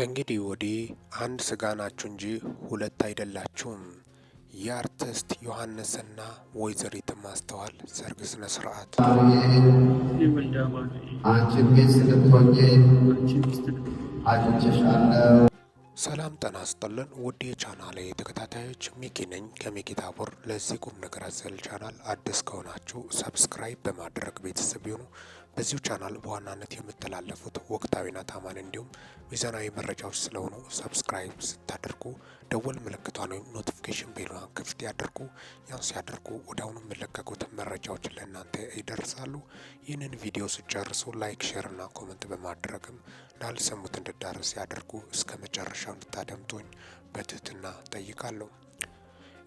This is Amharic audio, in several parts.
ከእንግዲህ ወዲህ አንድ ስጋ ናችሁ እንጂ ሁለት አይደላችሁም። የአርቲስት ዮሐንስና ወይዘሪት ማስተዋል ሰርግ ስነ ስርዓት ሰላም ጤና ይስጥልን ውድ የቻናሌ የተከታታዮች ሚኪ ነኝ ከሚኪ ታቦር። ለዚህ ቁም ነገር አዘል ቻናል አዲስ ከሆናችሁ ሰብስክራይብ በማድረግ ቤተሰብ ይሁኑ። በዚሁ ቻናል በዋናነት የምተላለፉት ወቅታዊና ታማኝ እንዲሁም ሚዛናዊ መረጃዎች ስለሆኑ ሰብስክራይብ ስታደርጉ ደወል ምልክቷን ወይም ኖቲፊኬሽን ቤሏ ክፍት ያደርጉ። ያን ሲያደርጉ ወደ አሁኑ የሚለቀቁት መረጃዎች ለእናንተ ይደርሳሉ። ይህንን ቪዲዮ ስጨርሱ ላይክ፣ ሼር ሼርና ኮመንት በማድረግም ላልሰሙት እንድዳረስ ያደርጉ። እስከ መጨረሻው እንድታደምጡኝ በትህትና ጠይቃለሁ።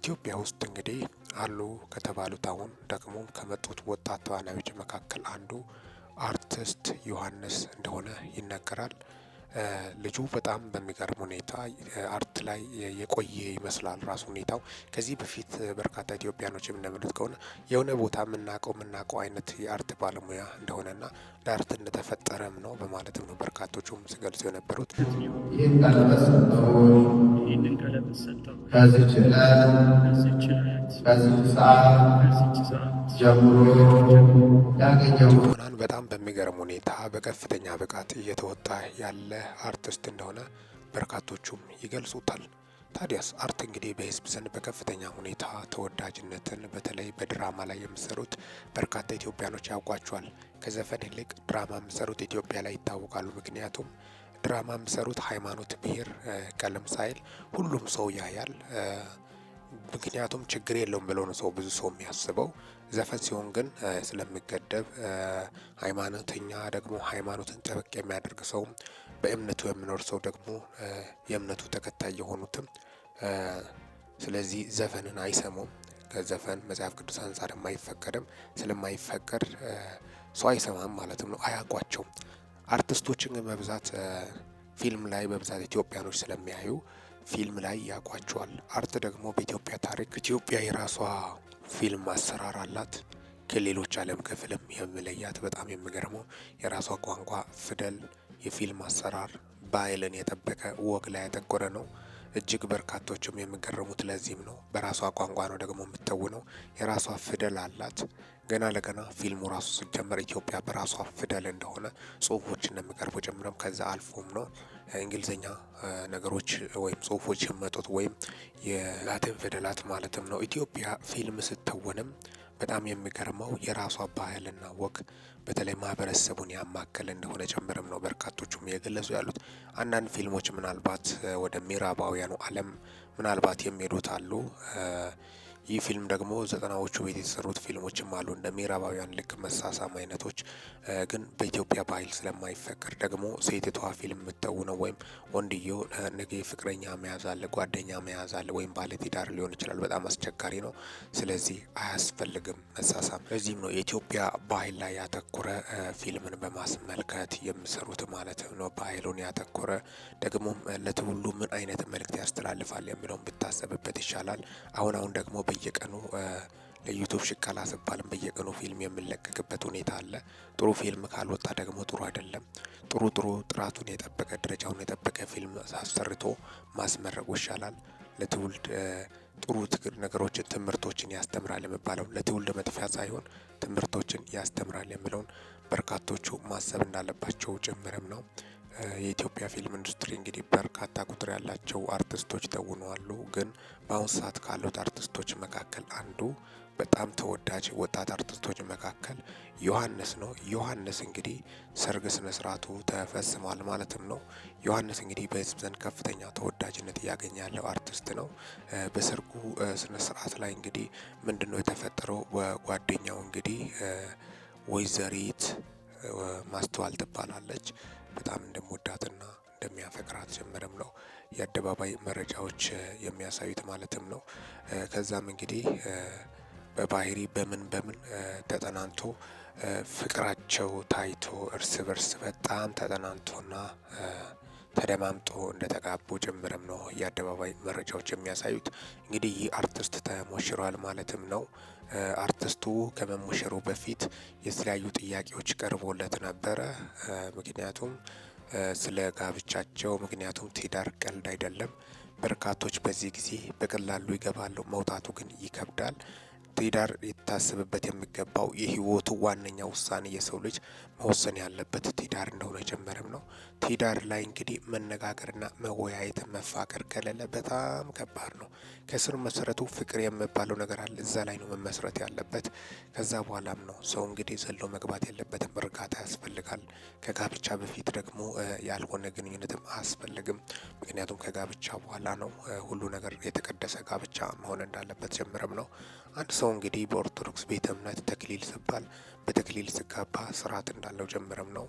ኢትዮጵያ ውስጥ እንግዲህ አሉ ከተባሉት አሁን ደግሞ ከመጡት ወጣት ተዋናዮች መካከል አንዱ ኦርቶዶክስስት ዮሐንስ እንደሆነ ይነገራል። ልጁ በጣም በሚገርም ሁኔታ አርት ላይ የቆየ ይመስላል ራሱ ሁኔታው። ከዚህ በፊት በርካታ ኢትዮጵያኖች እንደሚሉት ከሆነ የሆነ ቦታ የምናውቀው የምናውቀው አይነት የአርት ባለሙያ እንደሆነና ለአርት እንደተፈጠረም ነው በማለትም ነው በርካቶቹም ሲገልጹ የነበሩት። ይህን ቀለበት ሰጠው ከዚች ዕለት ከዚች ሰዓት ጀምሮ ያገኘው በጣም በሚገርም ሁኔታ በከፍተኛ ብቃት እየተወጣ ያለ አርቲስት እንደሆነ በርካቶቹም ይገልጹታል። ታዲያስ አርት እንግዲህ በህዝብ ዘንድ በከፍተኛ ሁኔታ ተወዳጅነትን በተለይ በድራማ ላይ የምሰሩት በርካታ ኢትዮጵያኖች ያውቋቸዋል። ከዘፈን ይልቅ ድራማ የምሰሩት ኢትዮጵያ ላይ ይታወቃሉ። ምክንያቱም ድራማ የምሰሩት ሃይማኖት፣ ብሄር ቀለም ሳይል ሁሉም ሰው ያያል። ምክንያቱም ችግር የለውም ብሎ ነው ሰው ብዙ ሰው የሚያስበው። ዘፈን ሲሆን ግን ስለሚገደብ ሃይማኖተኛ ደግሞ ሃይማኖትን ጠበቅ የሚያደርግ ሰውም በእምነቱ የሚኖር ሰው ደግሞ የእምነቱ ተከታይ የሆኑትም ስለዚህ ዘፈንን አይሰሙም። ከዘፈን መጽሐፍ ቅዱስ አንጻር የማይፈቀድም ስለማይፈቀድ ሰው አይሰማም ማለትም ነው። አያውቋቸውም። አርቲስቶችን ግን በብዛት ፊልም ላይ በብዛት ኢትዮጵያኖች ስለሚያዩ ፊልም ላይ ያውቋቸዋል። አርት ደግሞ በኢትዮጵያ ታሪክ ኢትዮጵያ የራሷ ፊልም አሰራር አላት። ከሌሎች ዓለም ክፍልም የምለያት በጣም የሚገርመው የራሷ ቋንቋ ፊደል የፊልም አሰራር ባህልን የጠበቀ ወግ ላይ ያተኮረ ነው። እጅግ በርካቶችም የሚገረሙት ለዚህም ነው። በራሷ ቋንቋ ነው ደግሞ የምትተውነው። የራሷ ፊደል አላት። ገና ለገና ፊልሙ ራሱ ሲጀመር ኢትዮጵያ በራሷ ፊደል እንደሆነ ጽሁፎች እንደሚቀርቡ ጭምርም ከዛ አልፎም ነው እንግሊዝኛ ነገሮች ወይም ጽሁፎች የመጡት ወይም የላቲን ፊደላት ማለትም ነው። ኢትዮጵያ ፊልም ስትተውንም በጣም የሚገርመው የራሷ ባህልና ወግ በተለይ ማህበረሰቡን ያማከለ እንደሆነ ጭምርም ነው በርካቶቹም እየገለጹ ያሉት። አንዳንድ ፊልሞች ምናልባት ወደ ምዕራባውያኑ ዓለም ምናልባት የሚሄዱት አሉ ይህ ፊልም ደግሞ ዘጠናዎቹ ቤት የተሰሩት ፊልሞችም አሉ እንደ ምዕራባውያን ልክ መሳሳም አይነቶች፣ ግን በኢትዮጵያ ባህል ስለማይፈቀድ ደግሞ ሴትቷ ፊልም የምትተውነው ወይም ወንድየው ነገ ፍቅረኛ መያዝ አለ፣ ጓደኛ መያዝ አለ፣ ወይም ባለትዳር ሊሆን ይችላል። በጣም አስቸጋሪ ነው። ስለዚህ አያስፈልግም መሳሳም። ለዚህም ነው የኢትዮጵያ ባህል ላይ ያተኮረ ፊልምን በማስመልከት የምሰሩት ማለት ነው። ባህሉን ያተኮረ ደግሞ ለትውሉ ምን አይነት መልእክት ያስተላልፋል የሚለውን ብታሰብበት ይሻላል። አሁን አሁን ደግሞ በየቀኑ ለዩቱብ ሽቀላ ስባልም በየቀኑ ፊልም የምንለቀቅበት ሁኔታ አለ። ጥሩ ፊልም ካልወጣ ደግሞ ጥሩ አይደለም። ጥሩ ጥሩ ጥራቱን የጠበቀ ደረጃውን የጠበቀ ፊልም አሰርቶ ማስመረቁ ይሻላል። ለትውልድ ጥሩ ነገሮችን ትምህርቶችን ያስተምራል የምባለው ለትውልድ መጥፊያ ሳይሆን ትምህርቶችን ያስተምራል የሚለውን በርካቶቹ ማሰብ እንዳለባቸው ጭምርም ነው። የኢትዮጵያ ፊልም ኢንዱስትሪ እንግዲህ በርካታ ቁጥር ያላቸው አርቲስቶች ተውነዋሉ። ግን በአሁን ሰዓት ካሉት አርቲስቶች መካከል አንዱ በጣም ተወዳጅ ወጣት አርቲስቶች መካከል ዮሐንስ ነው። ዮሐንስ እንግዲህ ሰርግ ስነ ስርዓቱ ተፈጽሟል ማለትም ነው። ዮሐንስ እንግዲህ በህዝብ ዘንድ ከፍተኛ ተወዳጅነት እያገኘ ያለው አርቲስት ነው። በሰርጉ ስነ ስርዓት ላይ እንግዲህ ምንድነው የተፈጠረው? በጓደኛው እንግዲህ ወይዘሪት ማስተዋል ትባላለች በጣም እንደምወዳትና እንደሚያፈቅራት ጀምርም ነው የአደባባይ መረጃዎች የሚያሳዩት ማለትም ነው። ከዛም እንግዲህ በባህሪ በምን በምን ተጠናንቶ ፍቅራቸው ታይቶ እርስ በርስ በጣም ተጠናንቶና ተደማምጦ እንደተጋቡ ጭምርም ነው የአደባባይ መረጃዎች የሚያሳዩት። እንግዲህ ይህ አርቲስት ተሞሽሯል ማለትም ነው። አርቲስቱ ከመሞሸሩ በፊት የተለያዩ ጥያቄዎች ቀርቦለት ነበረ። ምክንያቱም ስለ ጋብቻቸው፣ ምክንያቱም ትዳር ቀልድ አይደለም። በርካቶች በዚህ ጊዜ በቀላሉ ይገባሉ፣ መውጣቱ ግን ይከብዳል። ትዳር ሊታሰብበት የሚገባው የህይወቱ ዋነኛ ውሳኔ የሰው ልጅ መወሰን ያለበት ትዳር እንደሆነ ጀመርም ነው። ትዳር ላይ እንግዲህ መነጋገርና መወያየት መፋቀር ከሌለ በጣም ከባድ ነው። ከስር መሰረቱ ፍቅር የሚባለው ነገር አለ። እዛ ላይ ነው መመስረት ያለበት። ከዛ በኋላም ነው ሰው እንግዲህ ዘሎ መግባት ያለበትም እርጋታ ያስፈልጋል። ከጋብቻ በፊት ደግሞ ያልሆነ ግንኙነትም አያስፈልግም። ምክንያቱም ከጋብቻ በኋላ ነው ሁሉ ነገር የተቀደሰ ጋብቻ መሆን እንዳለበት ጀምረም ነው አንድ ሰው ሰው እንግዲህ በኦርቶዶክስ ቤተ እምነት ተክሊል ሲባል በተክሊል ሲጋባ ስርዓት እንዳለው ጀምረም ነው።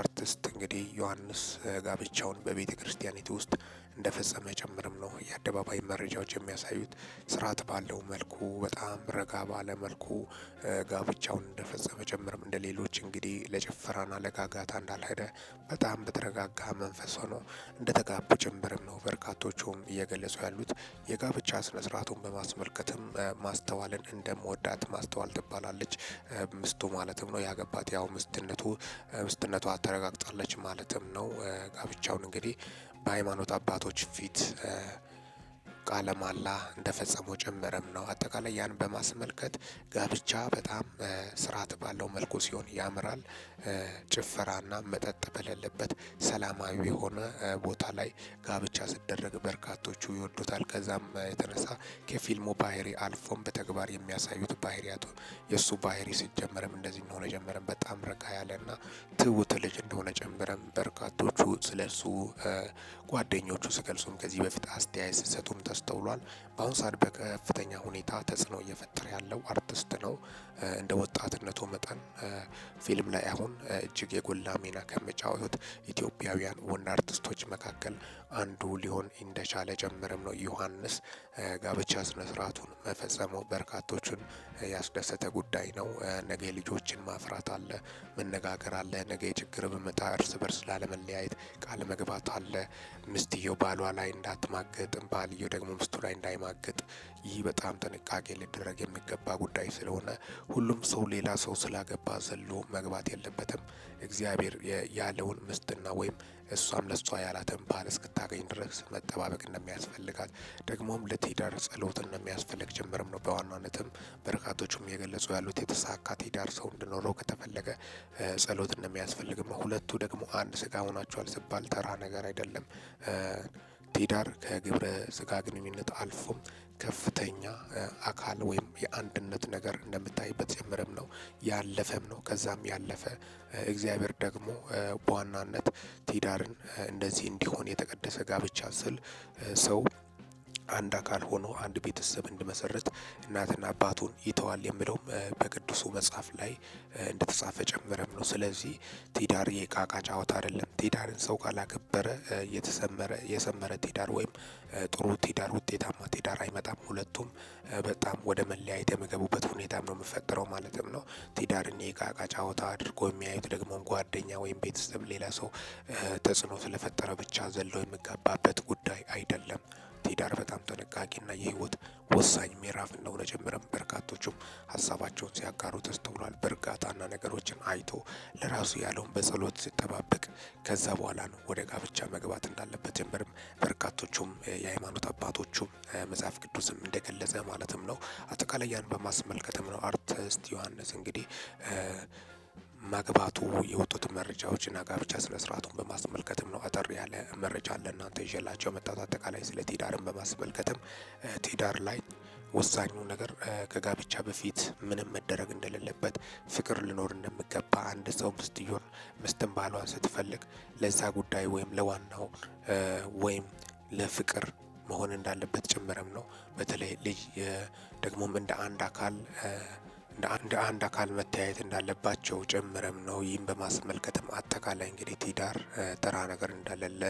አርቲስት እንግዲህ ዮሐንስ ጋብቻውን በቤተ ክርስቲያኒቱ ውስጥ እንደፈጸመ ጭምርም ነው የአደባባይ መረጃዎች የሚያሳዩት። ስርዓት ባለው መልኩ በጣም ረጋ ባለ መልኩ ጋብቻውን እንደፈጸመ ጭምርም እንደ ሌሎች እንግዲህ ለጭፈራና ለጋጋታ እንዳልሄደ በጣም በተረጋጋ መንፈስ ሆኖ እንደተጋቡ ጭምርም ነው በርካቶቹም እየገለጹ ያሉት። የጋብቻ ስነስርዓቱን በማስመልከትም ማስተዋልን እንደመወዳት ማስተዋል ትባላለች ምስቱ ማለትም ነው ያገባት ያው ምስትነቱ ምስትነቷ ተረጋግጣለች ማለትም ነው። ጋብቻውን እንግዲህ በሃይማኖት አባቶች ፊት ቃለ ማላ እንደፈጸሙ ጭምርም ነው። አጠቃላይ ያን በማስመልከት ጋብቻ በጣም ስርዓት ባለው መልኩ ሲሆን ያምራል። ጭፈራና መጠጥ በሌለበት ሰላማዊ የሆነ ቦታ ላይ ጋብቻ ሲደረግ በርካቶቹ ይወዱታል። ከዛም የተነሳ ከፊልሙ ባህሪ አልፎም በተግባር የሚያሳዩት ባህሪያቱ የእሱ ባህሪ ሲጀመርም እንደዚህ እንደሆነ ጀመረም በጣም ረጋ ያለና ትውት ልጅ እንደሆነ ጀመረም በርካቶቹ እሱ ጓደኞቹ ሲገልጹም ከዚህ በፊት አስተያየት ሲሰጡም ተስተውሏል። በአሁኑ ሰዓት በከፍተኛ ሁኔታ ተጽዕኖ እየፈጠረ ያለው አርቲስት ነው። እንደ ወጣትነቱ መጠን ፊልም ላይ አሁን እጅግ የጎላ ሚና ከሚጫወቱት ኢትዮጵያውያን ወንድ አርቲስቶች መካከል አንዱ ሊሆን እንደቻለ ጀምርም ነው። ዮሐንስ ጋብቻ ስነ ስርዓቱን መፈጸሙ በርካቶቹን ያስደሰተ ጉዳይ ነው። ነገ ልጆችን ማፍራት አለ፣ መነጋገር አለ። ነገ ችግር በመጣ እርስ በርስ ላለመለያየት ቃል መግባት አለ። ምስትየው ባሏ ላይ እንዳትማገጥ፣ ባልየው ደግሞ ምስቱ ላይ እንዳይማገጥ፣ ይህ በጣም ጥንቃቄ ሊደረግ የሚገባ ጉዳይ ስለሆነ ሁሉም ሰው ሌላ ሰው ስላገባ ዘሎ መግባት የለበትም። እግዚአብሔር ያለውን ምስትና ወይም እሷም ለሷ ያላትን ባል እስክታገኝ ድረስ መጠባበቅ እንደሚያስፈልጋት ደግሞም ለትዳር ጸሎት እንደሚያስፈልግ ጭምርም ነው። በዋናነትም በርካቶቹም የገለጹ ያሉት የተሳካ ትዳር ሰው እንዲኖረው ከተፈለገ ጸሎት እንደሚያስፈልግም ነው። ሁለቱ ደግሞ አንድ ስጋ ሆናችኋል ሲባል ተራ ነገር አይደለም። ትዳር ከግብረ ስጋ ግንኙነት አልፎም ከፍተኛ አካል ወይም የአንድነት ነገር እንደምታይበት ጭምርም ነው። ያለፈም ነው። ከዛም ያለፈ እግዚአብሔር ደግሞ በዋናነት ትዳርን እንደዚህ እንዲሆን የተቀደሰ ጋብቻ ስል ሰው አንድ አካል ሆኖ አንድ ቤተሰብ እንዲመሰርት እናትና አባቱን ይተዋል የሚለውም በቅዱሱ መጽሐፍ ላይ እንደተጻፈ ጨምረም ነው። ስለዚህ ትዳር የቃቃ ጨዋታ አይደለም። ትዳርን ሰው ካላከበረ የተሰመረ የሰመረ ትዳር ወይም ጥሩ ትዳር፣ ውጤታማ ትዳር አይመጣም። ሁለቱም በጣም ወደ መለያየት የሚገቡበት ሁኔታም ነው የሚፈጠረው ማለትም ነው። ትዳርን የቃቃ ጫወታ አድርጎ የሚያዩት ደግሞ ጓደኛ ወይም ቤተሰብ፣ ሌላ ሰው ተጽዕኖ ስለፈጠረ ብቻ ዘለው የሚጋባበት ጉዳይ አይደለም። ትዳር በጣም ጥንቃቄና የህይወት ወሳኝ ምዕራፍ እንደሆነ ጀምረን በርካቶቹም ሀሳባቸውን ሲያጋሩ ተስተውሏል። በእርጋታና ነገሮችን አይቶ ለራሱ ያለውን በጸሎት ሲጠባበቅ ከዛ በኋላ ነው ወደ ጋብቻ መግባት እንዳለበት ጀምርም በርካቶቹም የሃይማኖት አባቶቹም መጽሐፍ ቅዱስም እንደገለጸ ማለትም ነው። አጠቃላይ ያን በማስመልከትም ነው አርቲስት ዮሐንስ እንግዲህ ማግባቱ የወጡት መረጃዎች እና ጋብቻ ስነ ስርዓቱን በማስመልከትም ነው። አጠር ያለ መረጃ ለእናንተ ይዤላቸው መጣት። አጠቃላይ ስለ ቲዳርን በማስመልከትም ቴዳር ላይ ወሳኙ ነገር ከጋብቻ በፊት ምንም መደረግ እንደሌለበት ፍቅር ሊኖር እንደሚገባ አንድ ሰው ምስትዮን ምስትን ባሏን ስትፈልግ ለዛ ጉዳይ ወይም ለዋናው ወይም ለፍቅር መሆን እንዳለበት ጭምርም ነው። በተለይ ልጅ ደግሞም እንደ አንድ አካል እንደ አንድ አካል መተያየት እንዳለባቸው ጭምርም ነው። ይህም በማስመልከትም አጠቃላይ እንግዲህ ቲዳር ተራ ነገር እንዳለለ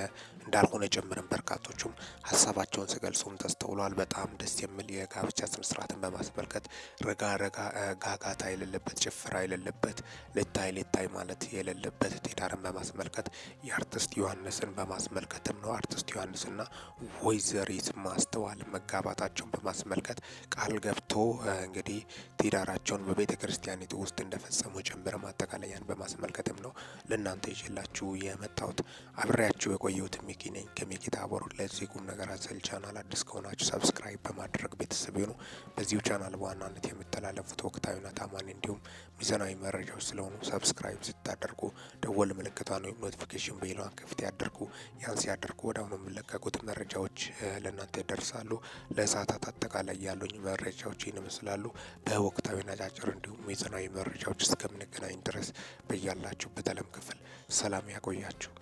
እንዳልሆነ ጭምርም በርካቶቹም ሀሳባቸውን ሲገልጹም ተስተውሏል። በጣም ደስ የሚል የጋብቻ ስነስርዓትን በማስመልከት ረጋ ረጋ ጋጋታ የሌለበት ጭፈራ የሌለበት ልታይ ልታይ ማለት የሌለበት ቲዳርን በማስመልከት የአርቲስት ዮሐንስን በማስመልከትም ነው። አርቲስት ዮሐንስና ወይዘሪት ማስተዋል መጋባታቸውን በማስመልከት ቃል ገብቶ እንግዲህ ቲዳራቸው ድርጊታቸውን በቤተ ክርስቲያኒቱ ውስጥ እንደፈጸሙ ጭምር ማጠቃለያን በማስመልከትም ነው ለእናንተ ይችላችሁ የመጣሁት። አብሬያችሁ የቆየሁት ሚኪ ነኝ ከሚኪ ታቦር። ለዚህ ቁም ነገር አዘል ቻናል አዲስ ከሆናችሁ ሰብስክራይብ በማድረግ ቤተሰብ ይሁኑ። በዚሁ ቻናል በዋናነት የሚተላለፉት ወቅታዊና ታማኝ እንዲሁም ሚዛናዊ መረጃዎች ስለሆኑ ሰብስክራይብ ስታደርጉ ደወል ምልክቷን ወይም ኖቲፊኬሽን ቤሏን ክፍት ያደርጉ። ያን ሲያደርጉ ወደ አሁኑ የሚለቀቁት መረጃዎች ለእናንተ ይደርሳሉ። ለእሳታት አጠቃላይ ያሉኝ መረጃዎች ይህን ይመስላሉ። በወቅታዊና አጫጭር እንዲሁም የዘናዊ መረጃዎች እስከምንገናኝ ድረስ በያላችሁበት ዓለም ክፍል ሰላም ያቆያችሁ።